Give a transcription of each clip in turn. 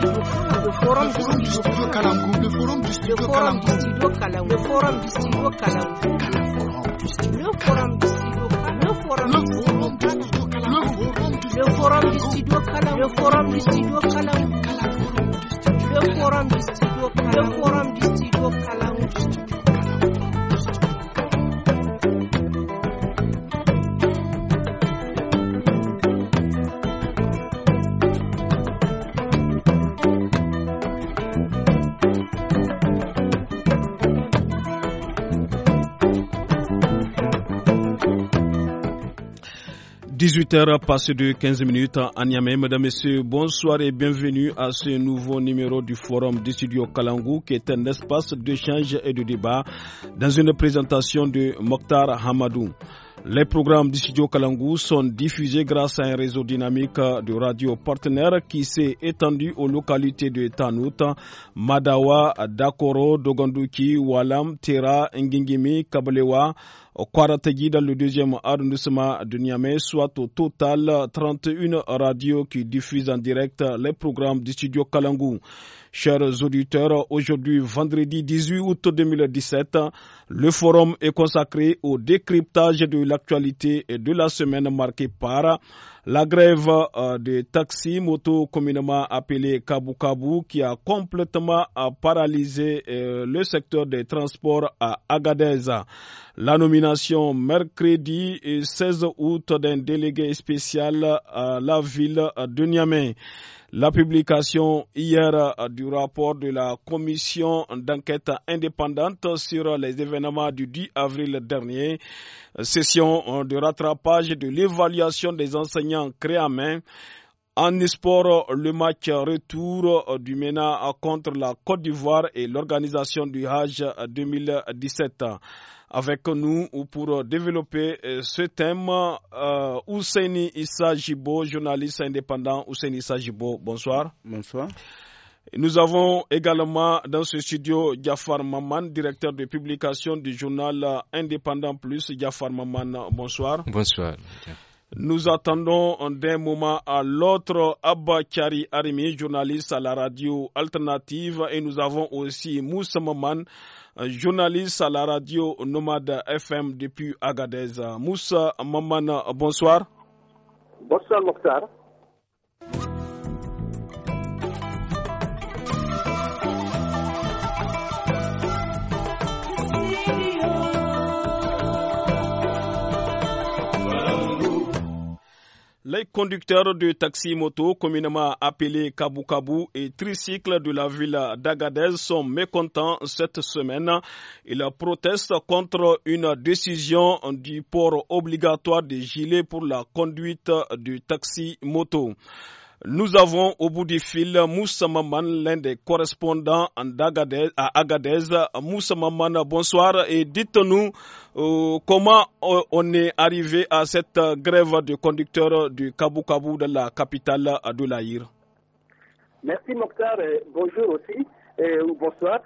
The forum forum, studio Kalamgou, the forum forum, studio Kalamgou, the forum forum, studio Kalamgou, the forum forum, studio Kalamgou, the forum forum, studio Kalamgou, the forum forum, studio Kalamgou, the forum forum, studio Kalamgou, the forum forum, studio Kalamgou, the forum forum, studio 18h passé de 15 minutes à Nyamé, Mesdames, Messieurs, bonsoir et bienvenue à ce nouveau numéro du Forum du Studio Kalangou qui est un espace d'échange et de débat dans une présentation de Mokhtar Hamadou. Les programmes du studio Kalangu sont diffusés grâce à un réseau dynamique de radio partenaires qui s'est étendu aux localités de Tanuta, Madawa, Dakoro, Dogonduki, Walam, Tera, Ngingimi, Kabalewa, Kwarategi dans le deuxième arrondissement de Niamey, soit au total 31 radios qui diffusent en direct les programmes du studio Kalangu. Chers auditeurs, aujourd'hui, vendredi 18 août 2017, le forum est consacré au décryptage de l'actualité et de la semaine marquée par la grève euh, des taxis moto communément appelée Kabou Kabu qui a complètement paralysé euh, le secteur des transports à Agadez. La nomination mercredi 16 août d'un délégué spécial à la ville de Niamey. La publication hier du rapport de la commission d'enquête indépendante sur les événements du 10 avril dernier, session de rattrapage de l'évaluation des enseignants créamins en espoir, le match retour du MENA contre la Côte d'Ivoire et l'organisation du Hajj 2017 avec nous pour euh, développer euh, ce thème. Euh, Ouseni Issa Jibo, journaliste indépendant. Ouseni Issa Jibo, bonsoir. Bonsoir. Nous avons également dans ce studio Jafar Maman, directeur de publication du journal Indépendant Plus. Jafar Maman, bonsoir. Bonsoir. Nous attendons d'un moment à l'autre Abba Kari Arimi, journaliste à la radio alternative, et nous avons aussi Moussa Maman, journaliste à la radio Nomade FM depuis Agadez. Moussa Mamana, bonsoir. Bonsoir Mokhtar. Les conducteurs de taxi-moto, communément appelés Kabukabu et tricycles de la ville d'Agadez, sont mécontents cette semaine. Ils protestent contre une décision du port obligatoire des gilets pour la conduite du taxi-moto. Nous avons au bout du fil Moussa Maman, l'un des correspondants en à Agadez. Moussa Maman, bonsoir et dites-nous euh, comment euh, on est arrivé à cette euh, grève de conducteurs du Kabou Kabou de la capitale Adulaïr. Merci Mokhtar, bonjour aussi, ou bonsoir.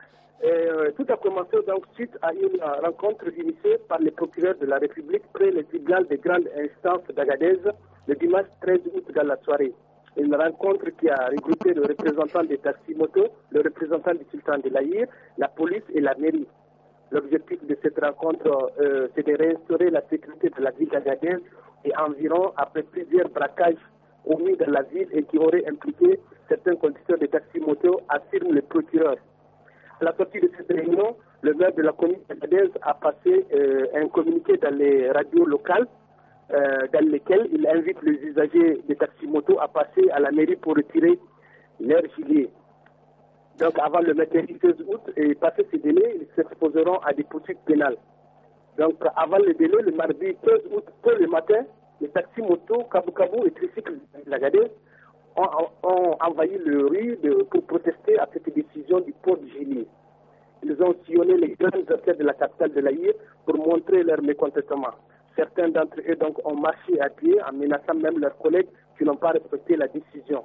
tout a commencé donc suite à une rencontre initiée par les procureurs de la République près le tribunal des grandes instances d'Agadez le dimanche 13 août dans la soirée une rencontre qui a regroupé le représentant des taxis motos, le représentant du sultan de l'Aïr, la police et la mairie. L'objectif de cette rencontre, euh, c'est de réinstaurer la sécurité de la ville d'Agadez et environ après plusieurs braquages milieu dans la ville et qui auraient impliqué certains conducteurs de taxis motos, affirme le procureur. À la sortie de cette réunion, le maire de la commune canadienne a passé euh, un communiqué dans les radios locales euh, dans lesquels il invite les usagers des taxis-motos à passer à la mairie pour retirer leur gilet. Donc avant le mercredi 16 août, et passé ce délai, ils s'exposeront à des poursuites pénales. Donc avant le délai, le mardi 15 août, peu le matin, les taxis motos, cabou et tricycles Lagade ont, ont, envahi le rue pour protester à cette décision du port de gilet. Ils ont sillonné les grandes affaires de la capitale de l'Aïe pour montrer leur mécontentement. Certains d'entre eux donc ont marché à pied en menaçant même leurs collègues qui n'ont pas respecté la décision.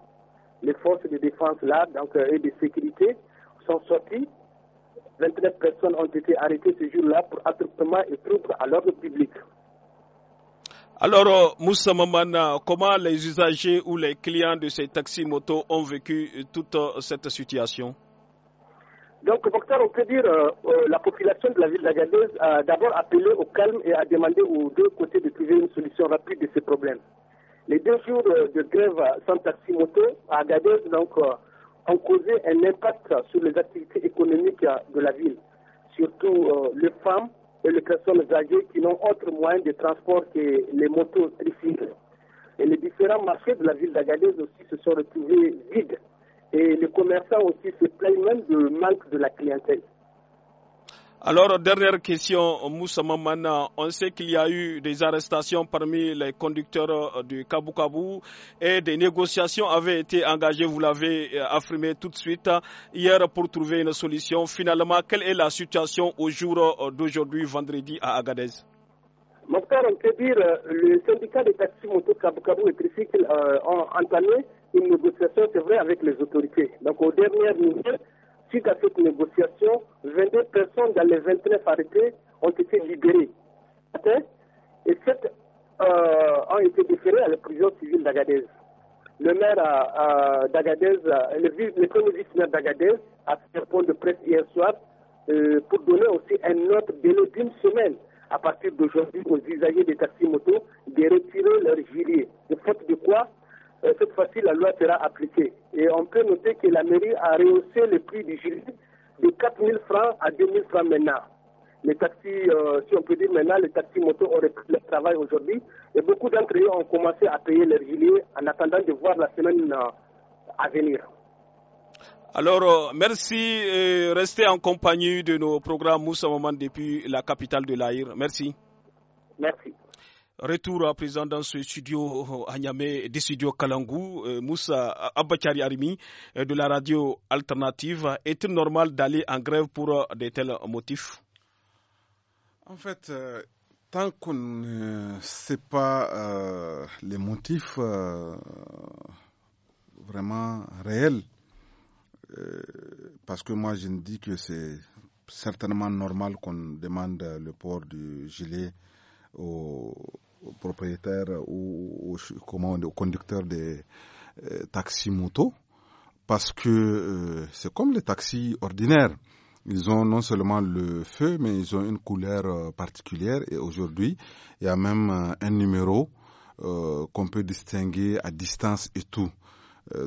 Les forces de défense là, donc euh, et de sécurité, sont sorties. 29 personnes ont été arrêtées ce jour-là pour attroupement et trouble à l'ordre public. Alors, euh, Moussa Mamana, comment les usagers ou les clients de ces taxis motos ont vécu euh, toute cette situation donc, on peut dire euh, euh, la population de la ville d'Agadez a d'abord appelé au calme et a demandé aux deux côtés de trouver une solution rapide de ces problèmes. Les deux jours euh, de grève sans taxi moto à Agadez donc, ont causé un impact sur les activités économiques de la ville, surtout les femmes et les personnes âgées qui n'ont autre moyen de transport que les motos tricycles. Et les différents marchés de la ville d'Agadez aussi se sont retrouvés vides et les commerçants aussi se plaignent même du manque de la clientèle. Alors, dernière question, Moussa Mamana. On sait qu'il y a eu des arrestations parmi les conducteurs euh, du Kabou et des négociations avaient été engagées, vous l'avez euh, affirmé tout de suite hier pour trouver une solution. Finalement, quelle est la situation au jour euh, d'aujourd'hui, vendredi, à Agadez Mon frère, on peut dire, le syndicat des taxis moto Kabou Kabou et Tricycle ont entamé une négociation, c'est vrai, avec les autorités. Donc, au dernier minutes, suite à cette négociation, 22 personnes dans les 29 arrêtés ont été libérées. Et 7 euh, ont été déférées à la prison civile d'Agadez. Le maire euh, euh, d'Agadez, le, le d'Agadez, a fait un point de presse hier soir pour donner aussi un autre délai d'une semaine à partir d'aujourd'hui aux usagers des taxis motos de retirer leur gilet. De faute de quoi cette fois-ci, la loi sera appliquée. Et on peut noter que la mairie a rehaussé le prix du gilet de 4 000 francs à 2 000 francs maintenant. Les taxis, euh, si on peut dire maintenant, les taxis moto auraient pris leur travail aujourd'hui. Et beaucoup d'entre eux ont commencé à payer leur gilet en attendant de voir la semaine euh, à venir. Alors, euh, merci. Et restez en compagnie de nos programmes Moussa moment depuis la capitale de l'Aïr. Merci. Merci. Retour à présent dans ce studio euh, à Niamey, des studios Kalangou, euh, Moussa Abachari Arimi euh, de la radio alternative. Est-il normal d'aller en grève pour de tels motifs En fait, tant qu'on ne sait pas les motifs vraiment réels, parce que moi je ne dis que c'est certainement normal qu'on demande le port du gilet au propriétaires ou, ou comment, aux conducteurs des euh, taxis motos parce que euh, c'est comme les taxis ordinaires. Ils ont non seulement le feu, mais ils ont une couleur euh, particulière. Et aujourd'hui, il y a même un numéro euh, qu'on peut distinguer à distance et tout.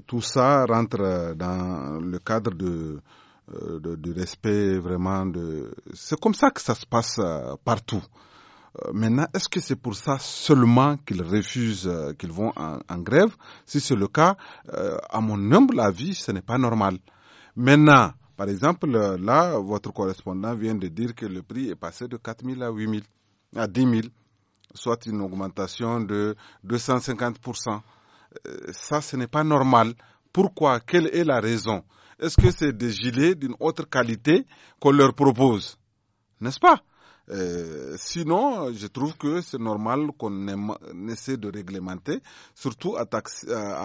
tout ça rentre dans le cadre de, de, respect vraiment de... C'est comme ça que ça se passe partout. Euh, maintenant, est-ce que c'est pour ça seulement qu'ils refusent, euh, qu'ils vont en, grève Si c'est le cas, euh, à mon humble avis, ce n'est pas normal. Maintenant, par exemple, là, votre correspondant vient de dire que le prix est passé de 4 à 8 000, à 10 000, soit une augmentation de 250 Ça, ce n'est pas normal. Pourquoi Quelle est la raison Est-ce que c'est des gilets d'une autre qualité qu'on leur propose N'est-ce pas euh, sinon, je trouve que c'est normal qu'on essaie de réglementer. Surtout à,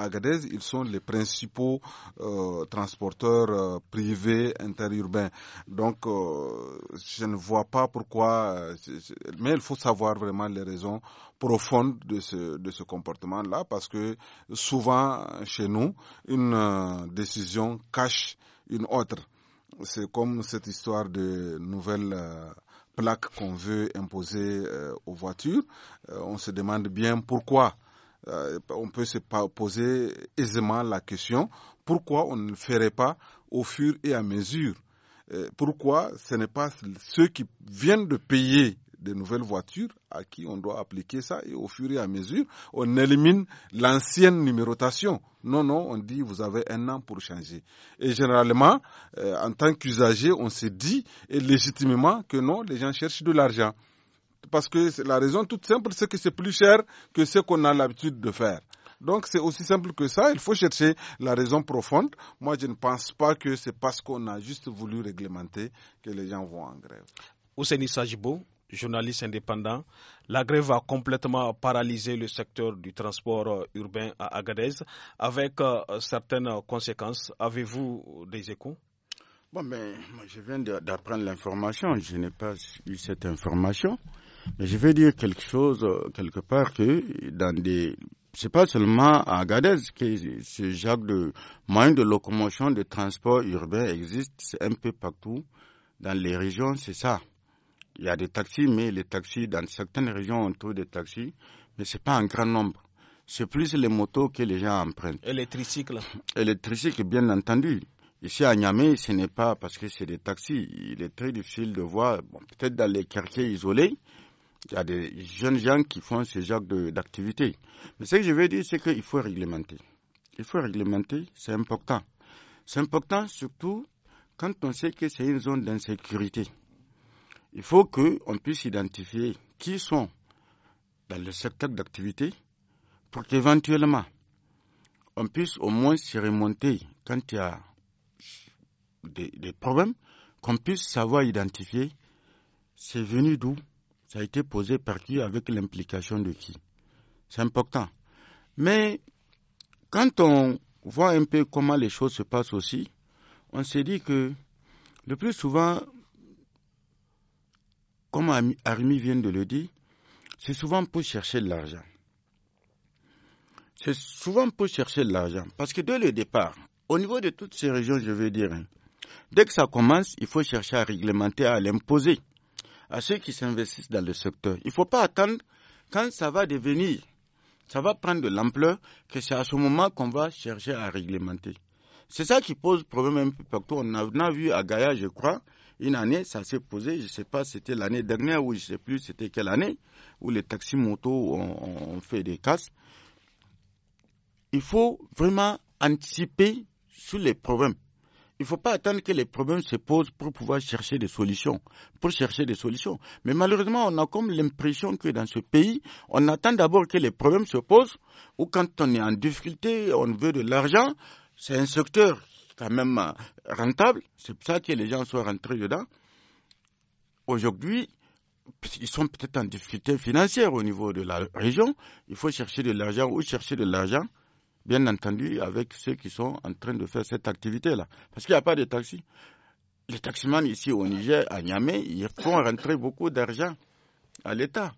Agadez, ils sont les principaux euh, transporteurs euh, privés interurbains. Donc, je ne vois pas pourquoi. mais il faut savoir vraiment les raisons profondes de ce, de ce comportement-là, parce que souvent chez nous, une décision cache une autre. C'est comme cette histoire de nouvelles plaques qu'on veut imposer euh, aux voitures, euh, on se demande bien pourquoi. Euh, on peut se poser aisément la question pourquoi on ne le ferait pas au fur et à mesure pourquoi ce n'est pas ceux qui viennent de payer des nouvelles voitures à qui on doit appliquer ça et au fur et à mesure, on élimine l'ancienne numérotation. Non, non, on dit vous avez un an pour changer. Et généralement, euh, en tant qu'usager, on se dit et légitimement que non, les gens cherchent de l'argent. Parce que la raison toute simple, c'est que c'est plus cher que ce qu'on a l'habitude de faire. Donc c'est aussi simple que ça, il faut chercher la raison profonde. Moi, je ne pense pas que c'est parce qu'on a juste voulu réglementer que les gens vont en grève. Ouseni Sajibo, journaliste indépendant, la grève a complètement paralysé le secteur du transport euh, urbain à Agadez avec euh, certaines conséquences. Avez-vous des échos Bon, mais je viens d'apprendre l'information. Je n'ai pas eu cette information. Mais je vais dire quelque chose, euh, quelque part, que dans des. pas seulement à Agadez que ce genre de moyens de locomotion, de transport urbain existe. C'est un peu partout. Dans les régions, c'est ça. Il y a des taxis, mais les taxis, dans certaines régions, on trouve des taxis, mais ce n'est pas un grand nombre. C'est plus les motos que les gens empruntent. Et les bien entendu. Ici à Niamey, ce n'est pas parce que c'est des taxis. Il est très difficile de voir, peut-être dans les quartiers isolés, il y a des jeunes gens qui font ce genre d'activité. Mais ce que je veux dire, c'est qu'il faut réglementer. Il faut réglementer, c'est important. C'est important surtout quand on sait que c'est une zone d'insécurité il faut qu'on puisse identifier qui sont dans le secteur d'activité pour qu'éventuellement on puisse au moins se remonter quand il y a des, des problèmes, qu'on puisse savoir identifier c'est venu d'où, ça a été posé par qui, avec l'implication de qui. C'est important. Mais quand on voit un peu comment les choses se passent aussi, on se dit que le plus souvent, comme Armi vient de le dire, c'est souvent pour chercher de l'argent. C'est souvent pour chercher de l'argent. Parce que dès le départ, au niveau de toutes ces régions, je veux dire, hein, dès que ça commence, il faut chercher à réglementer, à l'imposer à ceux qui s'investissent dans le secteur. Il ne faut pas attendre quand ça va devenir, ça va prendre de l'ampleur, que c'est à ce moment qu'on va chercher à réglementer. C'est ça qui pose problème un peu partout. On on a vu à Gaïa, je crois, une année, ça s'est posé, je ne sais pas, c'était l'année dernière ou je ne sais plus c'était quelle année, où les taxis motos ont, fait des casses. Il faut vraiment anticiper sur les problèmes. Il ne faut pas attendre que les problèmes se posent pour pouvoir chercher des solutions, pour chercher des solutions. Mais malheureusement, on a comme l'impression que dans ce pays, on attend d'abord que les problèmes se posent, ou quand on est en difficulté, on veut de l'argent, c'est un secteur quand même euh, rentable. C'est pour ça que les gens sont rentrés dedans. Aujourd'hui, ils sont peut-être en difficulté financière au niveau de la région. Il faut chercher de l'argent ou chercher de l'argent, bien entendu, avec ceux qui sont en train de faire cette activité-là. Parce qu'il n'y a pas de taxi. Les taximans ici au Niger, à Niamey, ils font rentrer beaucoup d'argent à l'État.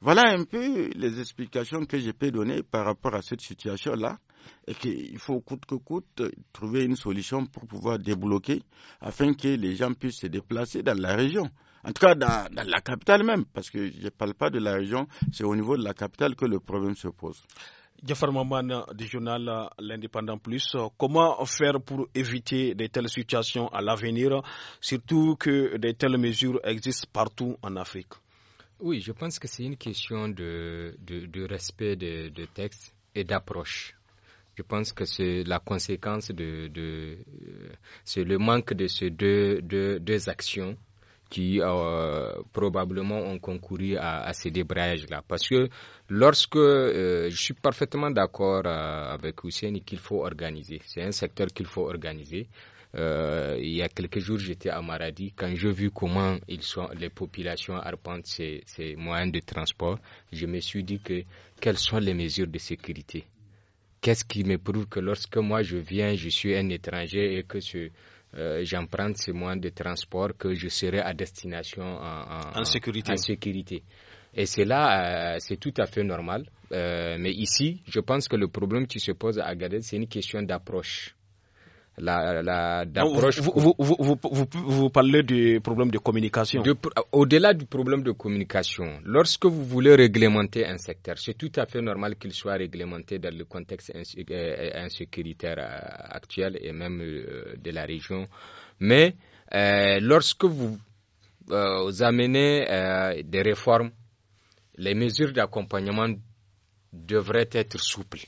Voilà un peu les explications que je peux donner par rapport à cette situation-là et qu'il faut coûte que coûte trouver une solution pour pouvoir débloquer afin que les gens puissent se déplacer dans la région. En tout cas, dans, la capitale même, parce que je ne parle pas de la région, c'est au niveau de la capitale que le problème se pose. Jafar Maman du journal L'Indépendant Plus, comment faire pour éviter de telles situations à l'avenir, surtout que de telles mesures existent partout en Afrique Oui, je pense que c'est une question de, respect des de textes et d'approche. Je pense que c'est la conséquence de, euh, c'est le manque de ces deux, deux, actions qui euh, probablement ont concouru à, ces débrayages-là. Parce que lorsque euh, je suis parfaitement d'accord avec Hussein qu'il faut organiser, c'est un secteur qu'il faut organiser. il y a quelques jours, j'étais à Maradi. Quand j'ai vu comment ils sont, les populations arpentent ces, ces moyens de transport, je me suis dit que quelles sont les mesures de sécurité Qu'est-ce qui me prouve que lorsque moi je viens, je suis un étranger et que euh, j'emprunte ces moyens de transport que je serai à destination en, en, sécurité. Et c'est là, euh, c'est tout à fait normal. Euh, mais ici, je pense que le problème qui se pose à Agadez, c'est une question d'approche la, la Vous, vous, vous, vous, parlez du problème de communication. Au-delà du problème de communication, lorsque vous voulez réglementer un secteur, c'est tout à fait normal qu'il soit réglementé dans le contexte euh, insécuritaire euh, actuel et même euh, de la région. Mais euh, lorsque vous, euh, vous amenez des réformes, les mesures d'accompagnement devraient être souples.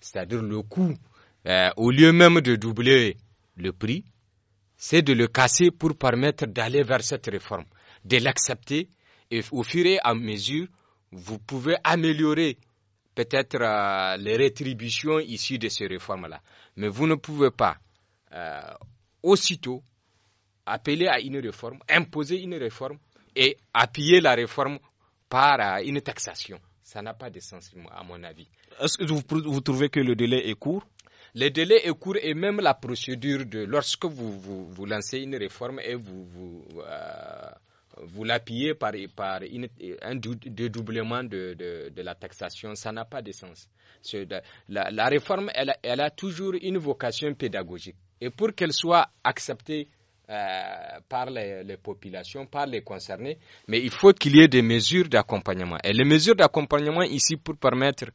C'est-à-dire le coût euh, au lieu même de doubler le prix, c'est de le casser pour permettre d'aller vers cette réforme, de l'accepter et au fur et à mesure, vous pouvez améliorer peut-être euh, les rétributions issues de ces réformes-là. Mais vous ne pouvez pas euh, aussitôt appeler à une réforme, imposer une réforme et appuyer la réforme par une taxation. Ça n'a pas de sens, à mon avis. Est-ce que vous trouvez que le délai est court les délais est court et même la procédure de lorsque vous, vous, lancez une réforme et vous, vous, euh, vous l'appuyez par, par une, un dédoublement de, de, de, la taxation, ça n'a pas de sens. La, la, réforme, elle a toujours une vocation pédagogique. Et pour qu'elle soit acceptée, euh, par les, populations, par les concernés, mais il faut qu'il y ait des mesures d'accompagnement. Et les mesures d'accompagnement ici pour permettre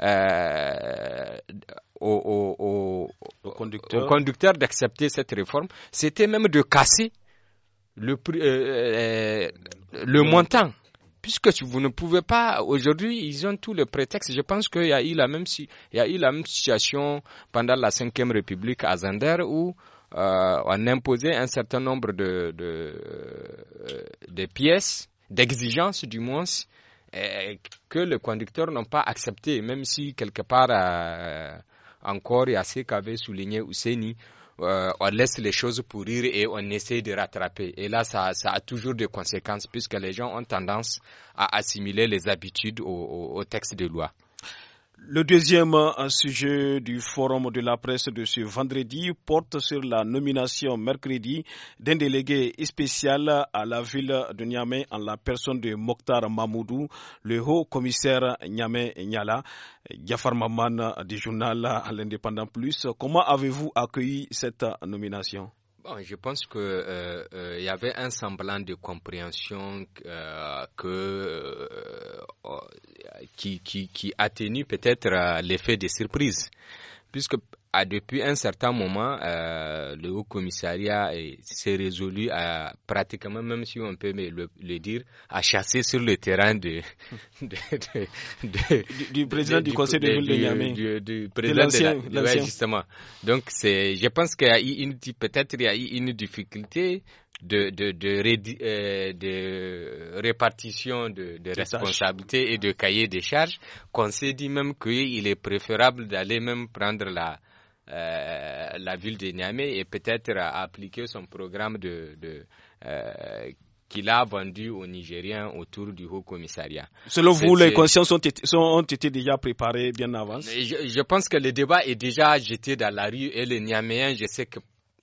euh, aux, conducteurs, d'accepter cette réforme, c'était même de casser le, euh, euh, le montant puisque vous ne pouvez pas, aujourd'hui, ils ont tous le prétexte. Je pense qu'il y, y a eu la même, situation pendant la 5 République à Zander où on euh, imposait un certain nombre de, de, euh, pièces, d'exigences du moins, euh, que les conducteur n'ont pas accepté, même si quelque part encore, et à ce qu'avait souligné Ouseni, on laisse les choses pourrir et on essaie de rattraper. Et là, ça, a toujours des conséquences puisque les gens ont tendance à assimiler les habitudes au, au, au texte de loi. Le deuxième sujet du forum de la presse de ce vendredi porte sur la nomination mercredi d'un délégué spécial à la ville de Niamey en la personne de Mokhtar Mamoudou, le haut commissaire Niamey Niala. Jafar Maman du journal L'Indépendant Plus, comment avez-vous accueilli cette nomination? je pense qu'il euh, euh y avait un semblant de compréhension euh, que, euh, oh, qui, qui, qui atténue peut-être l'effet des surprises. Puisque depuis un certain moment, euh, le Haut Commissariat s'est résolu à pratiquement, même si on peut le, le dire, à chasser sur le terrain de, du, président du, Conseil de ville Du, président de justement. Donc, je pense qu'il y a une, peut-être une difficulté de, de, euh, répartition de, responsabilités et de cahier des charges qu'on s'est dit même qu'il est préférable d'aller même prendre la, euh, la ville de Niamey et peut-être appliquer son programme de, de euh, qu'il a vendu aux Nigériens autour du Haut Commissariat. Selon vous, les consciences ont été, ont été, déjà préparées bien avant je, je, pense que le débat est déjà jeté dans la rue et les Niameyens, je sais que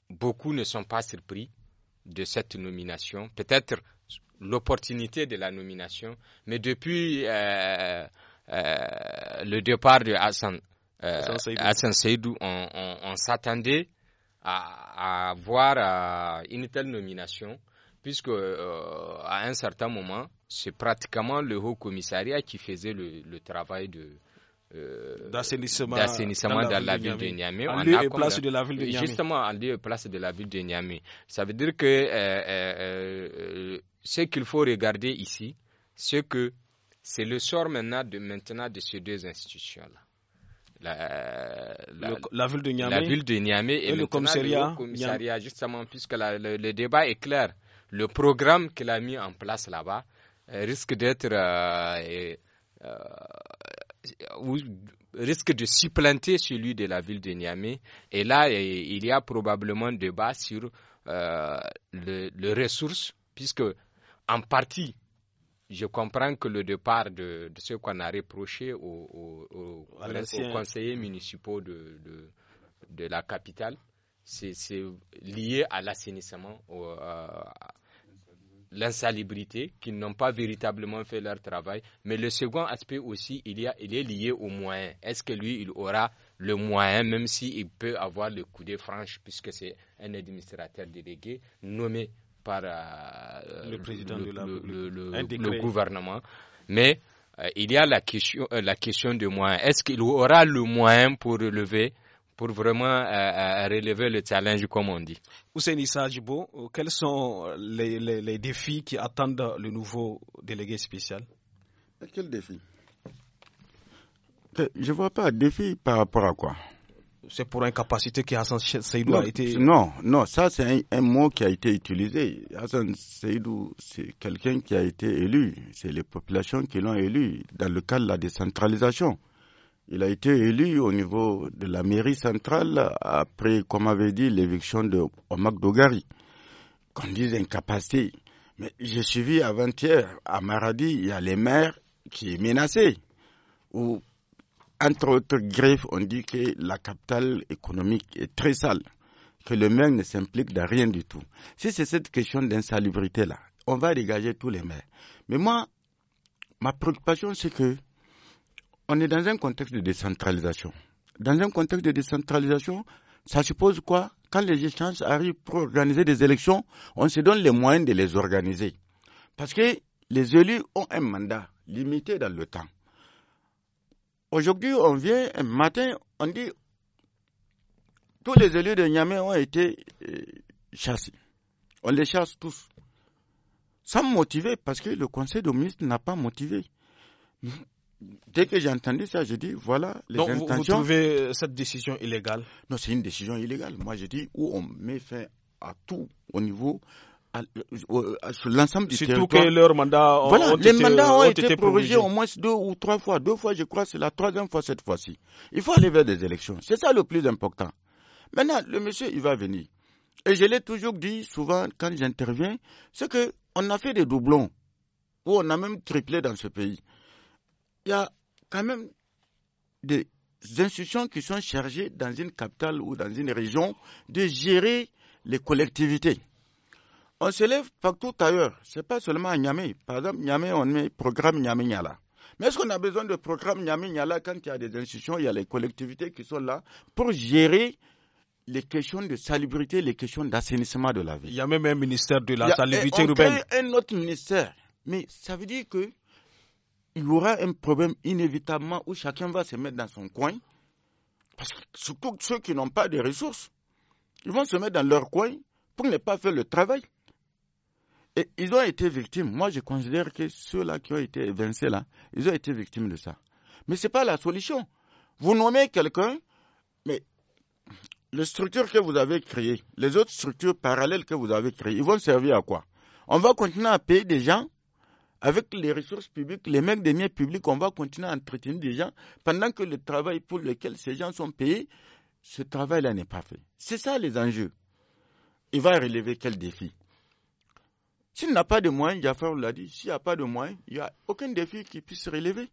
beaucoup ne sont pas surpris de cette nomination. Peut-être l'opportunité de la nomination, mais depuis euh, euh le départ de Hassan à euh, Seydou, on, s'attendait à, avoir euh, une telle nomination, puisque euh, à un certain moment, c'est pratiquement le Haut Commissariat qui faisait le, travail de, d'assainissement dans, la ville de Niamey. la Justement, en lieu place de la ville de Niamey. Ça veut dire que ce qu'il faut regarder ici, c'est que c'est le sort maintenant de, maintenant de ces deux institutions-là la, la, ville de Niamey, la ville de et, le commissariat, justement, puisque le, débat est clair. Le programme qu'il a mis en place là-bas euh, risque d'être euh, euh, risque de supplanter celui de la ville de Niamey. Et là, il y a probablement débat sur les le ressources, puisque en partie, je comprends que le départ de, ce qu'on a reproché aux, conseillers municipaux de, la capitale, c'est lié à l'assainissement, euh, à l'insalubrité, qu'ils n'ont pas véritablement fait leur travail. Mais le second aspect aussi, il, y est lié au moyens. Est-ce que lui, il aura le moyen, même s'il peut avoir le coup de franche, puisque c'est un administrateur délégué nommé par euh, le, président de gouvernement. Mais euh, il y a la question, euh, la de moyens. Est-ce qu'il aura le moyen pour relever pour vraiment relever le challenge, comme on dit. Ousseini Sajibo, quels sont les, défis qui attendent le nouveau délégué spécial Quel défi Je ne vois pas défi par rapport à quoi c'est pour incapacité que Hassan Seydou a été. Non, non, ça c'est un, mot qui a été utilisé. Hassan Seydou, c'est quelqu'un qui a été élu. C'est les populations qui l'ont élu dans le cadre de la décentralisation. Il a été élu au niveau de la mairie centrale après, comme avait dit, l'éviction de Omar Dogari. Qu'on dise incapacité. Mais j'ai suivi avant-hier à Maradi, il y a les maires qui est Ou entre autres greffes, on dit que la capitale économique est très sale, que le maire ne s'implique dans rien du tout. Si c'est cette question d'insalubrité-là, on va dégager tous les maires. Mais moi, ma préoccupation, c'est que on est dans un contexte de décentralisation. Dans un contexte de décentralisation, ça suppose quoi Quand les échanges arrivent pour organiser des élections, on se donne les moyens de les organiser. Parce que les élus ont un mandat limité dans le temps. Aujourd'hui, on vient un matin, on dit tous les élus de Niamey ont été euh, chassés. On les chasse tous. Sans motiver, parce que le conseil de ministre n'a pas motivé. Dès que j'ai entendu ça, je dis voilà les intentions. Vous, trouvez euh, cette décision illégale Non, c'est une décision illégale. Moi, je dis où on met fin à tout au niveau sur l'ensemble du Surtout que leurs mandats ont, voilà, les été, mandats ont, été, au moins deux ou trois fois. Deux fois, je crois, c'est la troisième fois cette fois-ci. Il faut aller vers des élections. C'est ça le plus important. Maintenant, le monsieur, il va venir. Et je l'ai toujours dit souvent quand j'interviens, c'est que a fait des doublons, ou on a même triplé dans ce pays. Il y a quand même des institutions qui sont chargées dans une capitale ou dans une région de gérer les collectivités. On se lève partout ailleurs. Ce n'est pas seulement à Niamey. Par exemple, Niamey, on met programme Niamey-Niala. Mais est-ce qu'on a besoin de programme Niamey-Niala quand il y a des institutions, il y a les collectivités qui sont là pour gérer les questions de salubrité, les questions d'assainissement de la ville. Il y a même un ministère de la salubrité salubrité on y a un autre ministère. Mais ça veut dire que il y aura un problème inévitablement où chacun va se mettre dans son coin. Parce que surtout ceux qui n'ont pas de ressources, ils vont se mettre dans leur coin pour ne pas faire le travail. Et ils ont été victimes. Moi, je considère que ceux-là qui ont été évincés, là, ils ont été victimes de ça. Mais ce n'est pas la solution. Vous nommez quelqu'un, mais les structures que vous avez créées, les autres structures parallèles que vous avez créées, ils vont servir à quoi On va continuer à payer des gens avec les ressources publiques, les mecs des biens publics, on va continuer à entretenir des gens pendant que le travail pour lequel ces gens sont payés, ce travail-là n'est pas fait. C'est ça les enjeux. Il va relever quel défi s'il n'a pas de moyens, on l'a dit, s'il n'y a pas de moyens, il n'y a aucun défi qui puisse relever.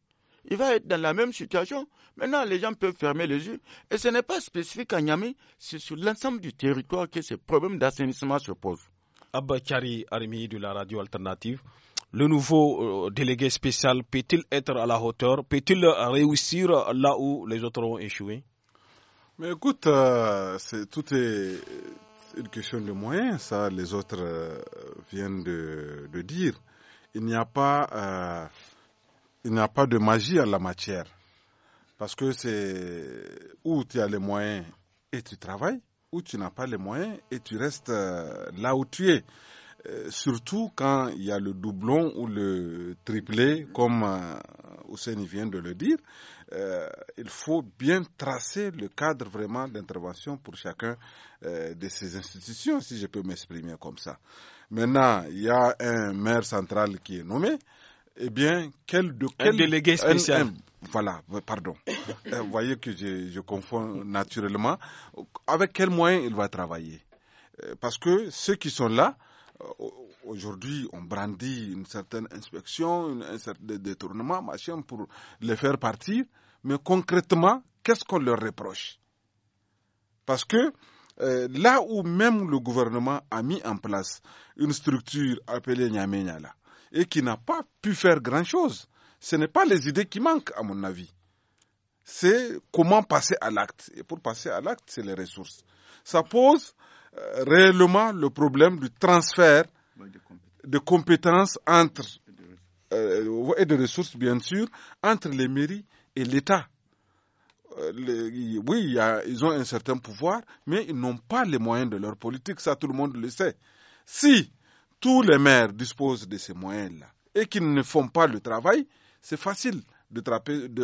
Il va être dans la même situation. Maintenant, les gens peuvent fermer les yeux. Et ce n'est pas spécifique à Niamey, c'est sur l'ensemble du territoire que ce problème d'assainissement se pose. Abakari Arimi de la radio alternative, le nouveau euh, délégué spécial peut-il être à la hauteur Peut-il euh, réussir là où les autres ont échoué Mais écoute, euh, c'est tout est une question de moyens. Ça, les autres vient de, dire, euh, il n'y a pas de magie à la matière parce que c'est où tu as les moyens et tu travailles ou tu n'as pas les moyens et tu restes euh, là où tu es euh, surtout quand il y a le doublon ou le triplé comme Hussein vient de le dire il faut bien tracer le cadre vraiment d'intervention pour chacun de ces institutions si je peux m'exprimer comme ça Maintenant, il y a un maire central qui est nommé. Eh bien, quel, de quel un délégué spécial voilà, pardon. Euh, vous voyez que je, je, confonds naturellement. Avec quel moyen il va travailler euh, Parce que ceux qui sont là, euh, aujourd'hui, on brandit une certaine inspection, une, un certain détournement, machin, pour les faire partir. Mais concrètement, qu'est-ce qu'on leur reproche Parce que euh, là où même le gouvernement a mis en place une structure appelée Nyamenyala et qui n'a pas pu faire grand-chose. Ce n'est pas les idées qui manquent, à mon avis. C'est comment passer à l'acte. Et pour passer à l'acte, c'est les ressources. Ça pose euh, réellement le problème du transfert de compétences entre, euh, et de ressources, bien sûr, entre les mairies et l'État oui, ils ont un certain pouvoir, mais ils n'ont pas les moyens de leur politique, ça tout le monde le sait. Si tous les maires disposent de ces moyens-là et qu'ils ne font pas le travail, c'est facile de,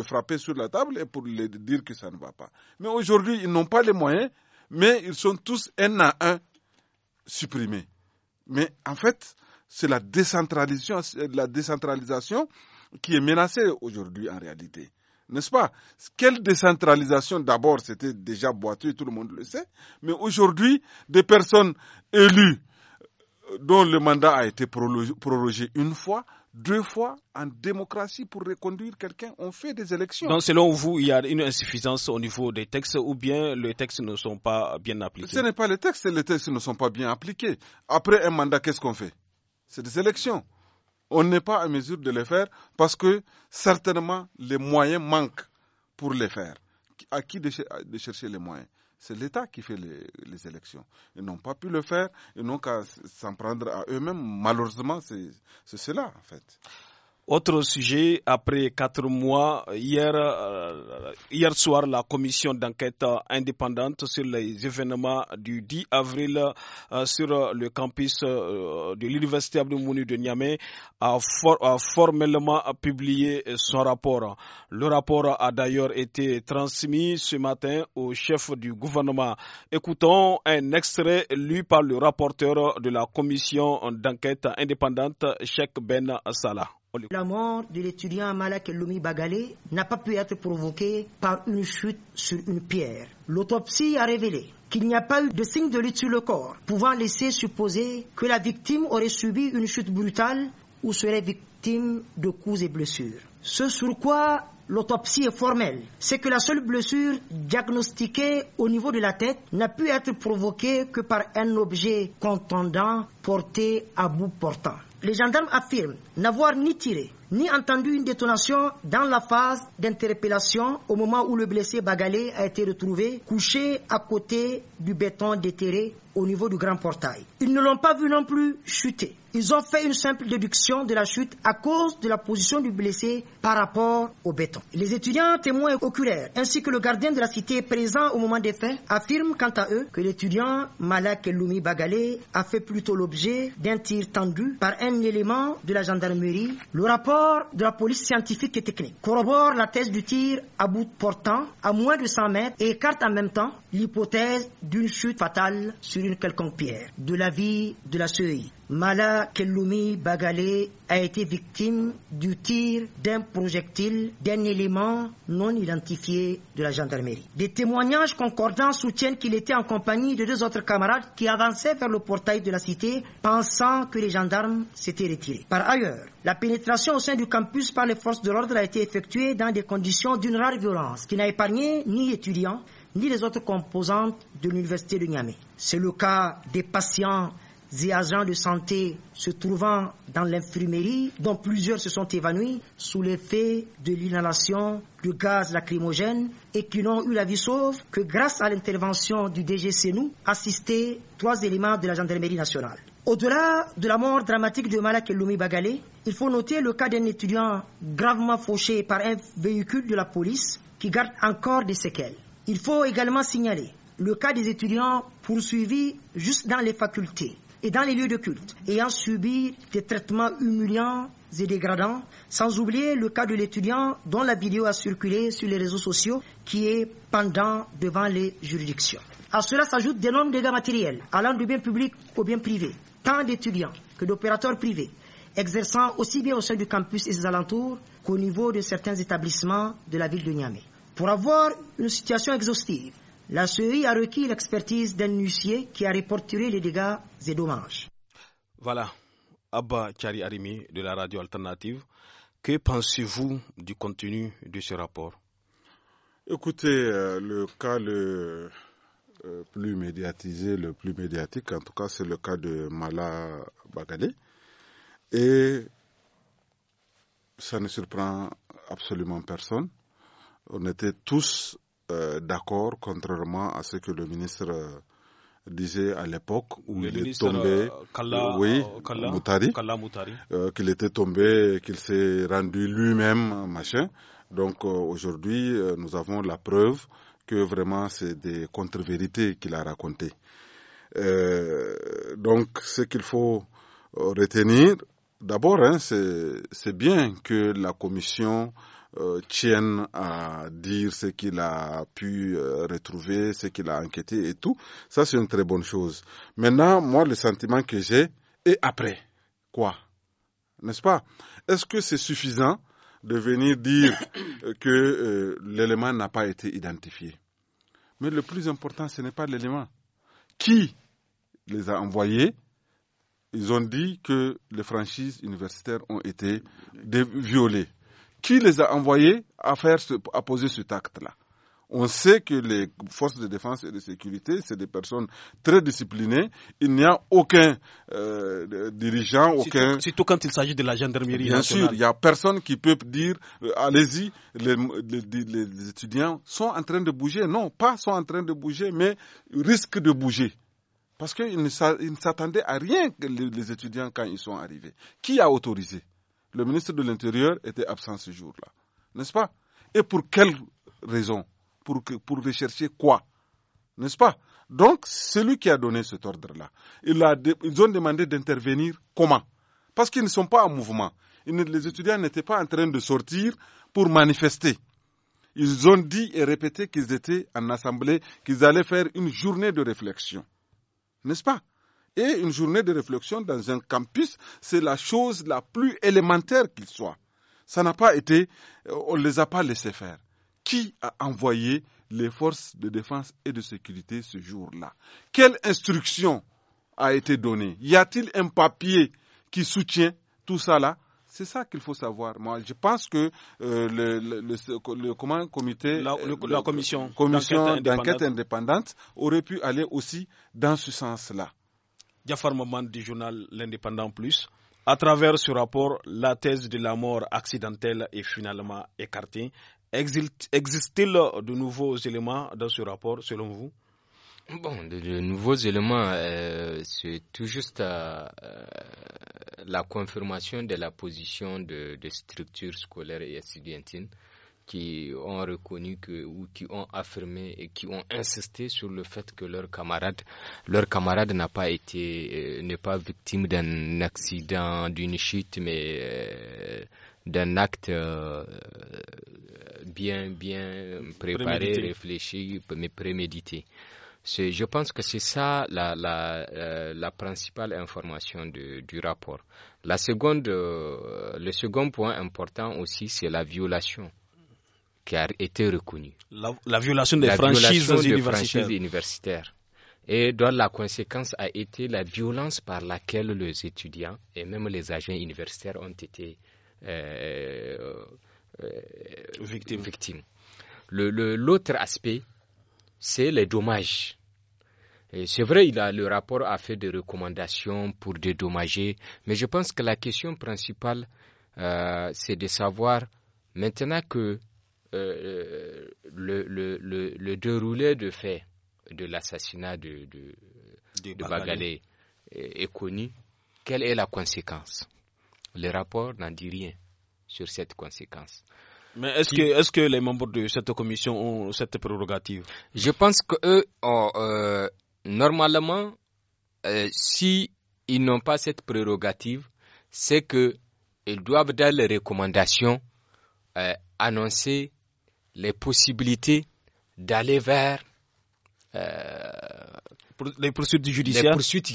frapper sur la table et pour les dire que ça ne va pas. Mais aujourd'hui, ils n'ont pas les moyens, mais ils sont tous un à un supprimés. Mais en fait, c'est la décentralisation, la décentralisation qui est menacée aujourd'hui en réalité. N'est-ce pas Quelle décentralisation d'abord, c'était déjà boiteux, tout le monde le sait. Mais aujourd'hui, des personnes élues euh, dont le mandat a été prorogé une fois, deux fois en démocratie pour reconduire quelqu'un, on fait des élections. Donc, selon vous, il y a une insuffisance au niveau des textes ou bien les textes ne sont pas bien appliqués Ce n'est pas les textes, les textes ne sont pas bien appliqués. Après un mandat, qu'est-ce qu'on fait C'est des élections. On n'est pas à mesure de le faire parce que certainement les moyens manquent pour les faire. À qui de, chercher les moyens c'est l'État qui fait les, élections. Ils n'ont pas pu le faire, ils n'ont qu'à s'en prendre à eux-mêmes. Malheureusement, c'est cela, en fait. Autre sujet, après quatre mois, hier, euh, hier soir, la commission d'enquête indépendante sur les événements du 10 avril euh, sur le campus euh, de l'Université Abdelmouni de Niamey a, formellement publié son rapport. Le rapport a d'ailleurs été transmis ce matin au chef du gouvernement. Écoutons un extrait lu par le rapporteur de la commission d'enquête indépendante, Sheikh Ben Salah. La mort de l'étudiant Malak Lumi Bagalé n'a pas pu être provoquée par une chute sur une pierre. L'autopsie a révélé qu'il n'y a pas eu de signe de lutte sur le corps, pouvant laisser supposer que la victime aurait subi une chute brutale ou serait victime de coups et blessures. Ce sur quoi l'autopsie est formelle, c'est que la seule blessure diagnostiquée au niveau de la tête n'a pu être provoquée que par un objet contendant porté à bout portant. Les gendarmes affirment n'avoir ni tiré, ni entendu une détonation dans la phase d'interpellation au moment où le blessé Bagalé a été retrouvé couché à côté du béton déterré au niveau du grand portail. Ils ne l'ont pas vu non plus chuter. Ils ont fait une simple déduction de la chute à cause de la position du blessé par rapport au béton. Les étudiants témoins oculaires ainsi que le gardien de la cité présent au moment des faits affirment quant à eux que l'étudiant Malak Elumi Bagalé a fait plutôt l'objet d'un tir tendu par un élément de la gendarmerie. Le rapport de la police scientifique et technique corrobore la thèse du tir à bout portant à moins de 100 mètres et écarte en même temps l'hypothèse d'une chute fatale sur une quelconque pierre de la vie de la CEI. Mala Kelloumi Bagale a été victime du tir d'un projectile d'un élément non identifié de la gendarmerie. Des témoignages concordants soutiennent qu'il était en compagnie de deux autres camarades qui avançaient vers le portail de la cité pensant que les gendarmes s'étaient retirés. Par ailleurs, la pénétration au sein du campus par les forces de l'ordre a été effectuée dans des conditions d'une rare violence qui n'a épargné ni étudiants ni les autres composantes de l'université de Niamey. C'est le cas des patients et agents de santé se trouvant dans l'infirmerie, dont plusieurs se sont évanouis sous l'effet de l'inhalation de gaz lacrymogène et qui n'ont eu la vie sauve que grâce à l'intervention du DG Senou, assisté trois éléments de la gendarmerie nationale. Au-delà de la mort dramatique de Malak Eloumi Bagale, il faut noter le cas d'un étudiant gravement fauché par un véhicule de la police qui garde encore des séquelles. Il faut également signaler le cas des étudiants poursuivis juste dans les facultés et dans les lieux de culte, ayant subi des traitements humiliants et dégradants, sans oublier le cas de l'étudiant dont la vidéo a circulé sur les réseaux sociaux qui est pendant devant les juridictions. À cela s'ajoutent d'énormes dégâts matériels allant du bien public au bien privé, tant d'étudiants que d'opérateurs privés exerçant aussi bien au sein du campus et ses alentours qu'au niveau de certains établissements de la ville de Niamey. Pour avoir une situation exhaustive la CEI a requis l'expertise d'un huissier qui a reporté les dégâts et dommages. Voilà, Abba Chari Arimi de la radio alternative. Que pensez-vous du contenu de ce rapport Écoutez, euh, le cas le euh, plus médiatisé, le plus médiatique, en tout cas, c'est le cas de Mala Bagade. Et ça ne surprend absolument personne. On était tous euh, d'accord, contrairement à ce que le ministre euh, disait à l'époque où il est tombé, euh, oui, Kalla, Moutari, qu'il était tombé, qu'il s'est rendu lui-même, machin. Donc aujourd'hui, nous avons la preuve que vraiment c'est des contre-vérités qu'il a racontées. donc ce qu'il faut retenir, d'abord, hein, c'est bien que la commission euh, tiennent à dire ce qu'il a pu euh, retrouver, ce qu'il a enquêté et tout. Ça, c'est une très bonne chose. Maintenant, moi, le sentiment que j'ai, et après, quoi N'est-ce pas Est-ce que c'est suffisant de venir dire que euh, l'élément n'a pas été identifié Mais le plus important, ce n'est pas l'élément. Qui les a envoyés ils ont dit que les franchises universitaires ont été violées qui les a envoyés à, faire ce, à poser cet acte-là. On sait que les forces de défense et de sécurité, c'est des personnes très disciplinées. Il n'y a aucun euh, dirigeant, aucun. Surtout, quand il s'agit de la gendarmerie. Bien sûr, il n'y a personne qui peut dire euh, allez-y, les, les, étudiants sont en train de bouger. Non, pas sont en train de bouger, mais risquent de bouger. Parce qu'ils ne s'attendaient à rien, les étudiants, quand ils sont arrivés. Qui a autorisé le ministre de l'Intérieur était absent ce jour-là. N'est-ce pas Et pour quelle raison pour, rechercher quoi N'est-ce pas Donc, c'est lui qui a donné cet ordre-là. ils ont demandé d'intervenir comment Parce qu'ils ne sont pas en mouvement. les étudiants n'étaient pas en train de sortir pour manifester. Ils ont dit et répété qu'ils étaient en assemblée, qu'ils allaient faire une journée de réflexion. N'est-ce pas et une journée de réflexion dans un campus, c'est la chose la plus élémentaire qu'il soit. Ça n'a pas été, euh, on ne les a pas laissés faire. Qui a envoyé les forces de défense et de sécurité ce jour-là Quelle instruction a été donnée Y a-t-il un papier qui soutient tout ça là c'est ça qu'il faut savoir. Moi, je pense que euh, le, le, le, comité, la, euh, commission, d'enquête indépendante aurait pu aller aussi dans ce sens-là. Jafar du journal L'Indépendant Plus. À travers ce rapport, la thèse de la mort accidentelle est finalement écartée. Existe-t-il de nouveaux éléments dans ce rapport, selon vous Bon, de, nouveaux éléments, euh, c'est tout juste euh, euh, la confirmation de la position de, structures scolaires et étudiantines qui ont reconnu que, ou qui ont affirmé et qui ont insisté sur le fait que leur camarade, leur camarade n'a pas été, euh, n'est pas victime d'un accident, d'une chute, mais euh, d'un acte euh, bien, bien préparé, réfléchi, mais prémédité. Je pense que c'est ça la, la, la, principale information du rapport. La seconde, le second point important aussi, c'est la violation qui a été reconnue. La, violation des franchises universitaires. Et dont la conséquence a été la violence par laquelle les étudiants et même les agents universitaires ont été euh, euh, victimes. victimes. L'autre aspect, c'est les dommages. C'est vrai, il a, le rapport a fait des recommandations pour dédommager, mais je pense que la question principale, euh, c'est de savoir, maintenant que euh, euh, le, déroulé de fait de l'assassinat de, de, Bagalé est, connu, quelle est la conséquence Le rapport n'en dit rien sur cette conséquence. Mais est-ce que, est que les membres de cette commission ont cette prérogative Je pense qu'eux, ont euh, normalement, s'ils si ils n'ont pas cette prérogative, c'est que ils doivent, dans les recommandations, annoncées annoncer les possibilités d'aller vers euh, les poursuites judiciaires. Les poursuites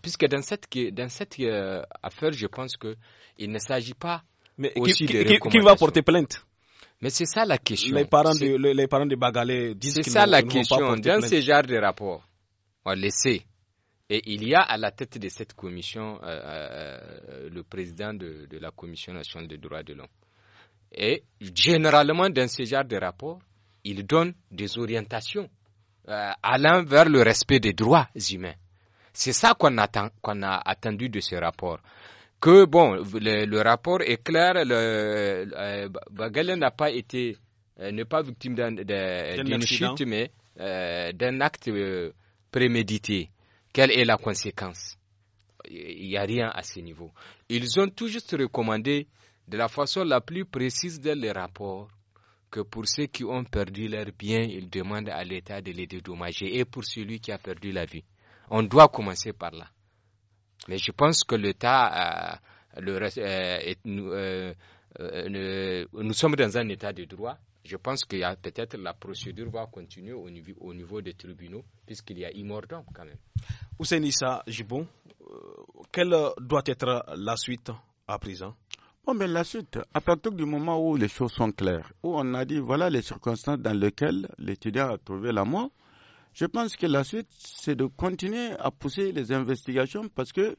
puisque dans cette dans cette euh, affaire, je pense qu'il ne s'agit pas mais aussi qui, de qui, qui va porter plainte Mais c'est ça la question. Les parents de les parents de Bagalé disent C'est ça la question. Pas dans ce genre de rapport, on le sait. Et il y a à la tête de cette commission euh, le président de la Commission nationale des droits de l'homme. Et généralement, dans ce genre de rapport, ils donnent des orientations euh, allant vers le respect des droits humains. C'est ça qu'on qu'on a attendu de ce rapport. Que bon, le, rapport est clair, le, euh, n'a pas été, euh, n'est pas victime d'une chute, mais euh, d'un acte prémédité. Quelle est la conséquence Il n'y a rien à ce niveau. Ils ont tout juste recommandé de la façon la plus précise dans les rapports que pour ceux qui ont perdu leur bien, ils demandent à l'État de les dédommager et pour celui qui a perdu la vie. On doit commencer par là. Mais je pense que l'État, euh, euh, euh, nous sommes dans un état de droit. Je pense qu'il y a peut-être la procédure va continuer au niveau, des tribunaux, puisqu'il y a immordant quand même. Hussein Jibon, Gibon, quelle doit être la suite à présent Bon, oh, mais la suite, à partir du moment où les choses sont claires, où on a dit voilà les circonstances dans lesquelles l'étudiant a trouvé la mort, je pense que la suite, c'est de continuer à pousser les investigations parce que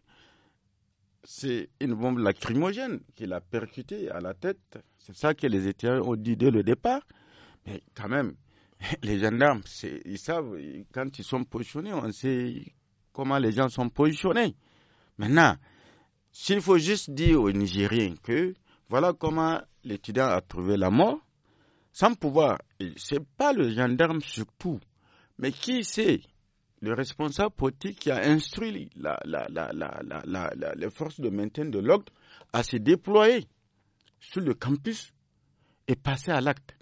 c'est une bombe lacrymogène qui l'a percuté à la tête. C'est ça que les étudiants ont dit dès le départ. Mais quand même, les gendarmes, ils savent, quand ils sont positionnés, on sait comment les gens sont positionnés. Maintenant, s'il faut juste dire aux Nigériens que voilà comment l'étudiant a trouvé la mort, sans pouvoir, ce n'est pas le gendarme surtout, mais qui c'est le responsable politique qui a instruit la, la, les forces de maintien de l'ordre à se déployer sur le campus et passer à l'acte.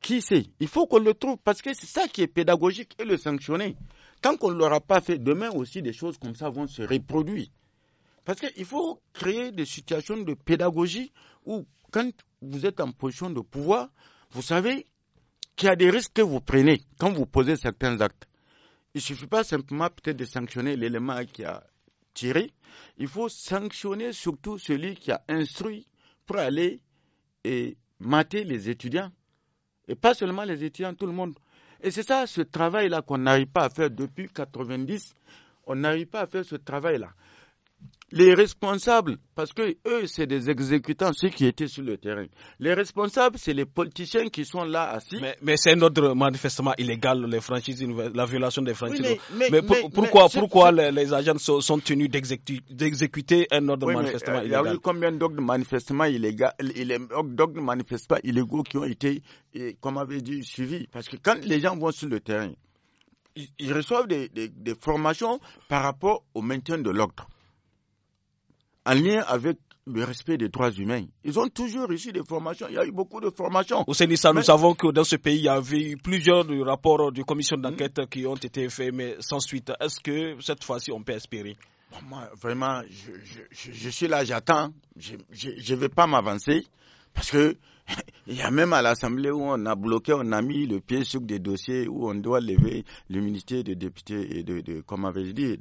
Qui sait? Il faut qu'on le trouve parce que c'est ça qui est pédagogique et le sanctionner. Tant qu'on ne l'aura pas fait, demain aussi des choses comme ça vont se reproduire. Parce qu'il faut créer des situations de pédagogie où, quand vous êtes en position de pouvoir, vous savez qu'il y a des risques que vous prenez quand vous posez certains actes. Il ne suffit pas simplement peut-être de sanctionner l'élément qui a tiré. Il faut sanctionner surtout celui qui a instruit pour aller et mater les étudiants. Et pas seulement les étudiants, tout le monde. Et c'est ça, ce travail-là qu'on n'arrive pas à faire depuis 90. On n'arrive pas à faire ce travail-là les responsables, parce que eux, c'est des exécutants, ceux qui étaient sur le terrain. Les responsables, c'est les politiciens qui sont là assis. Mais, mais c'est un autre manifestement illégal, les franchises, la violation des franchises. mais, pourquoi, pourquoi les, agents sont, tenus d'exécuter un ordre manifestement illégal euh, Il y a eu combien d'ordres manifestements illégaux, manifestement illégaux qui ont été, et, comme avait dit, suivis Parce que quand les gens vont sur le terrain, ils, reçoivent des, des formations par rapport au maintien de l'ordre en lien avec le respect des droits humains. Ils ont toujours reçu des formations. Il y a eu beaucoup de formations. Au Sénissa, nous savons que dans ce pays, il y avait eu plusieurs rapports de commission hmm. d'enquête qui ont été faits, mais sans suite. Est-ce que cette fois-ci, on peut espérer Moi, vraiment, je suis là, j'attends. Je ne vais pas m'avancer. Parce que il y a même à l'Assemblée où on a bloqué, on a mis le pied sur des dossiers où on doit lever l'immunité des députés et de, comment vais-je dire,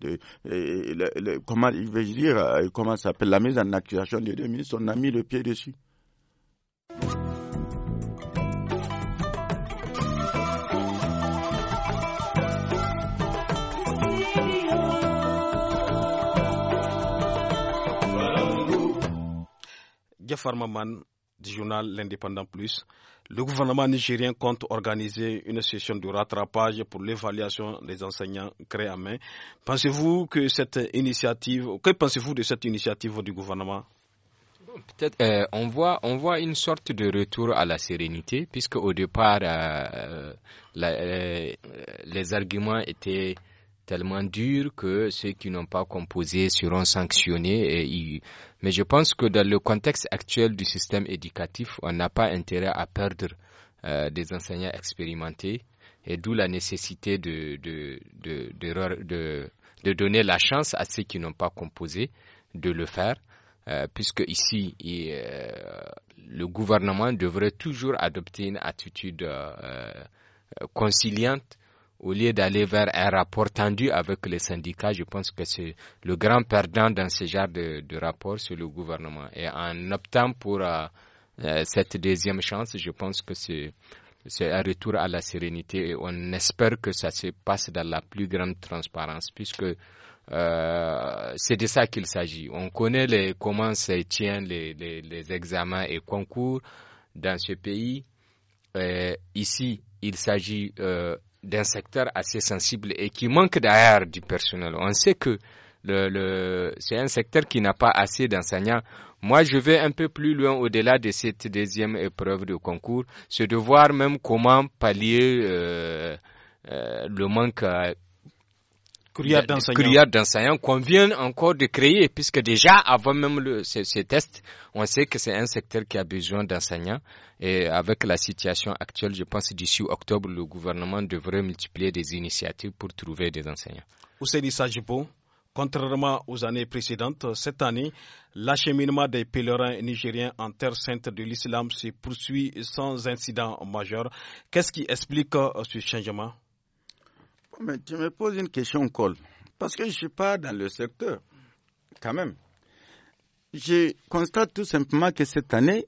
comment dire, euh, comment s'appelle la mise en accusation des deux ministres, on a mis le pied dessus du journal L'Indépendant Plus, le gouvernement nigérien compte organiser une session de rattrapage pour l'évaluation des enseignants créés à main. Pensez-vous que cette initiative, que pensez-vous de cette initiative du gouvernement Peut-être euh, on voit une sorte de retour à la sérénité puisque au départ euh, euh, les arguments étaient tellement dur que ceux qui n'ont pas composé seront sanctionnés. Et Mais je pense que dans le contexte actuel du système éducatif, on n'a pas intérêt à perdre euh, des enseignants expérimentés et d'où la nécessité de, de, donner la chance à ceux qui n'ont pas composé de le faire, euh, puisque ici, euh, le gouvernement devrait toujours adopter une attitude conciliante au lieu d'aller vers un rapport tendu avec les syndicats, je pense que c'est le grand perdant dans ce genre de, rapport, sur le gouvernement. Et en optant pour euh, euh, cette deuxième chance, je pense que c'est un retour à la sérénité et on espère que ça se passe dans la plus grande transparence puisque euh, c'est de ça qu'il s'agit. On connaît comment se tiennent les, examens et concours dans ce pays. Euh, ici, il s'agit euh, d'un secteur assez sensible et qui manque d'ailleurs du personnel. On sait que le, c'est un secteur qui n'a pas assez d'enseignants. Moi, je vais un peu plus loin au-delà de cette deuxième épreuve de concours, c'est de voir même comment pallier euh, euh, le manque courrières d'enseignants qu'on vient encore de créer, puisque déjà avant même le, ce, test, on sait que c'est un secteur qui a besoin d'enseignants. Et avec la situation actuelle, je pense d'ici octobre, le gouvernement devrait multiplier des initiatives pour trouver des enseignants. Ousseini Sajibo, contrairement aux années précédentes, cette année, l'acheminement des pèlerins nigériens en terre sainte de l'islam se poursuit sans incident majeur. Qu'est-ce qui explique euh, ce changement mais tu me poses une question, Cole, parce que je ne suis pas dans le secteur, quand même. Je constate tout simplement que cette année,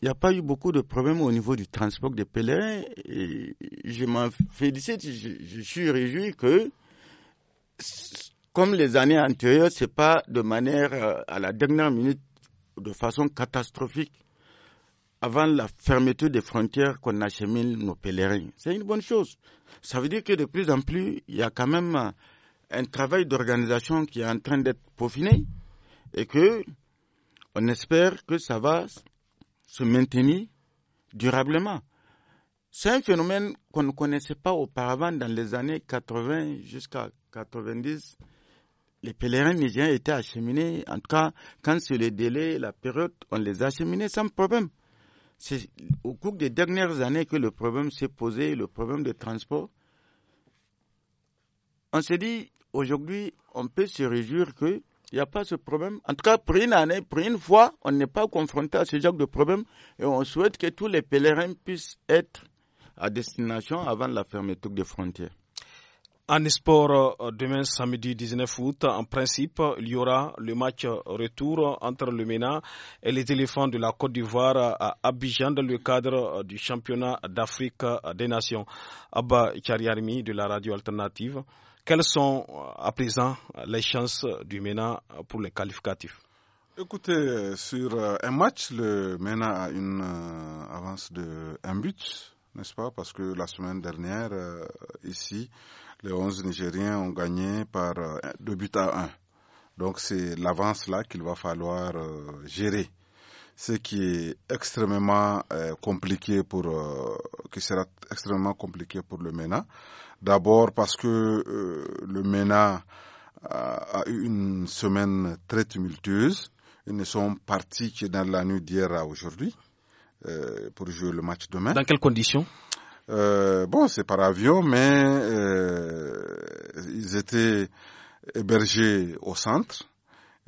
il n'y a pas eu beaucoup de problèmes au niveau du transport des pèlerins. Et je m'en félicite, je, suis réjoui que, comme les années antérieures, ce n'est pas de manière euh, à la dernière minute, de façon catastrophique avant la fermeture des frontières qu'on achemine nos pèlerins. C'est une bonne chose. Ça veut dire que de plus en plus, il y a quand même euh, un travail d'organisation qui est en train d'être peaufiné et que on espère que ça va se maintenir durablement. C'est un phénomène qu'on ne connaissait pas auparavant dans les années 80 jusqu'à 90. Les pèlerins médiens étaient acheminés, en tout cas, quand c'est le délai, la période, on les acheminait sans problème. C'est au cours des dernières années que le problème s'est posé, le problème des transports. On s'est dit, aujourd'hui, on peut se réjouir qu'il n'y a pas ce problème. En tout cas, pour une année, pour une fois, on n'est pas confronté à ce genre de problème et on souhaite que tous les pèlerins puissent être à destination avant la fermeture des frontières. En espoir, demain samedi 19 août, en principe, il y aura le match retour entre le MENA et les éléphants de la Côte d'Ivoire à Abidjan dans le cadre du championnat d'Afrique des Nations. Abba Chariarmi de la radio alternative, quelles sont à présent les chances du MENA pour les qualificatifs Écoutez, euh, sur euh, un match, le MENA a une euh, avance de un but n'est-ce pas Parce que la semaine dernière, euh, ici, les 11 Nigériens ont gagné par euh, deux buts à un Donc c'est l'avance là qu'il va falloir euh, gérer ce qui est extrêmement compliqué pour qui sera extrêmement compliqué pour le MENA. D'abord parce que le MENA a, eu une semaine très tumultueuse. Ils ne sont partis que dans la nuit d'hier à aujourd'hui. Euh, pour jouer le match demain. Dans quelles conditions euh, Bon, c'est par avion, mais euh, ils étaient hébergés au centre.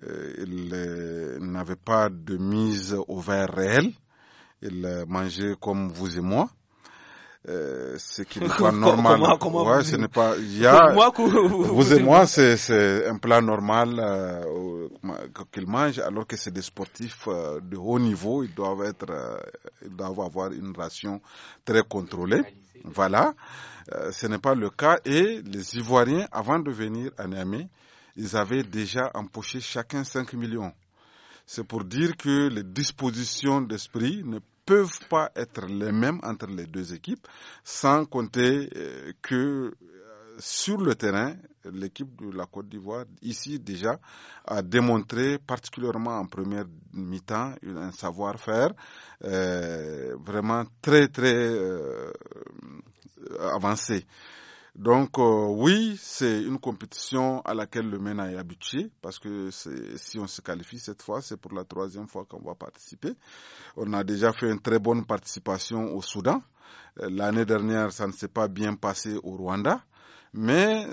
ils n'avaient pas de mise au verre réel. Ils mangeaient comme vous et moi. Euh, ce qui n'est pas normal. ouais, vous... ce n'est pas. Il vous et moi, c'est un plat normal euh, qu'ils mangent, alors que c'est des sportifs euh, de haut niveau. Ils doivent être, ils doivent avoir une ration très contrôlée. Voilà, ce n'est pas le cas. Et les Ivoiriens, avant de venir à Niamey, ils avaient déjà empoché chacun 5 millions. C'est pour dire que les dispositions d'esprit ne peuvent pas être les mêmes entre les deux équipes, sans compter euh, que euh, sur le terrain, l'équipe de la Côte d'Ivoire, ici déjà, a démontré, particulièrement en première mi-temps, un savoir-faire euh, vraiment très, très avancé. Donc euh, oui, c'est une compétition à laquelle le MENA est habitué, parce que si on se qualifie cette fois, c'est pour la troisième fois qu'on va participer. On a déjà fait une très bonne participation au Soudan. Euh, l'année dernière, ça ne s'est pas bien passé au Rwanda. Mais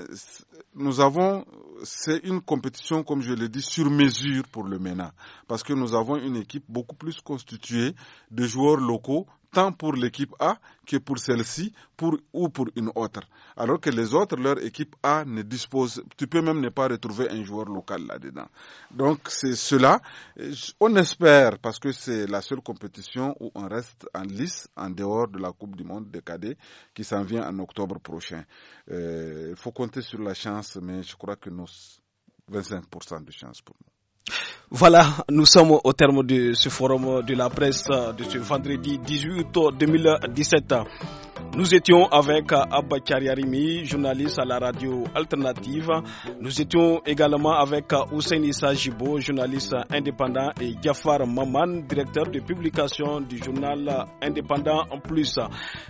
nous avons, c'est une compétition, comme je l'ai dit, sur mesure pour le MENA. Parce que nous avons une équipe beaucoup plus constituée de joueurs locaux tant pour l'équipe A que pour celle-ci pour, ou pour une autre. Alors que les autres, leur équipe A ne dispose, tu peux même ne pas retrouver un joueur local là-dedans. Donc c'est cela. On espère, parce que c'est la seule compétition où on reste en lice, en dehors de la Coupe du Monde des cadets, qui s'en vient en octobre prochain. Euh, il faut compter sur la chance, mais je crois que nous, 25% de chance pour nous. Voilà, nous sommes au terme de ce forum de la presse de ce vendredi 18 août 2017. Nous étions avec Abba Karyarimi, journaliste à la radio alternative. Nous étions également avec Hussein Issa Jibo, journaliste indépendant, et Jafar Maman, directeur de publication du journal indépendant en plus.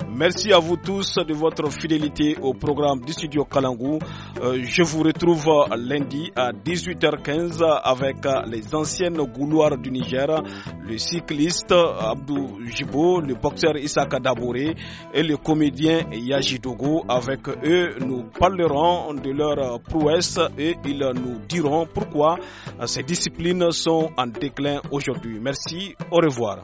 Merci à vous tous de votre fidélité au programme du studio Kalangou. Euh, je vous retrouve lundi à 18h15 avec les anciennes gouloirs du Niger, le cycliste Abdou Jibo, le boxeur Issa Kadabouré, et le comédien Yajidogo. Avec eux, nous parlerons de leur prouesse et ils nous diront pourquoi ces disciplines sont en déclin aujourd'hui. Merci, au revoir.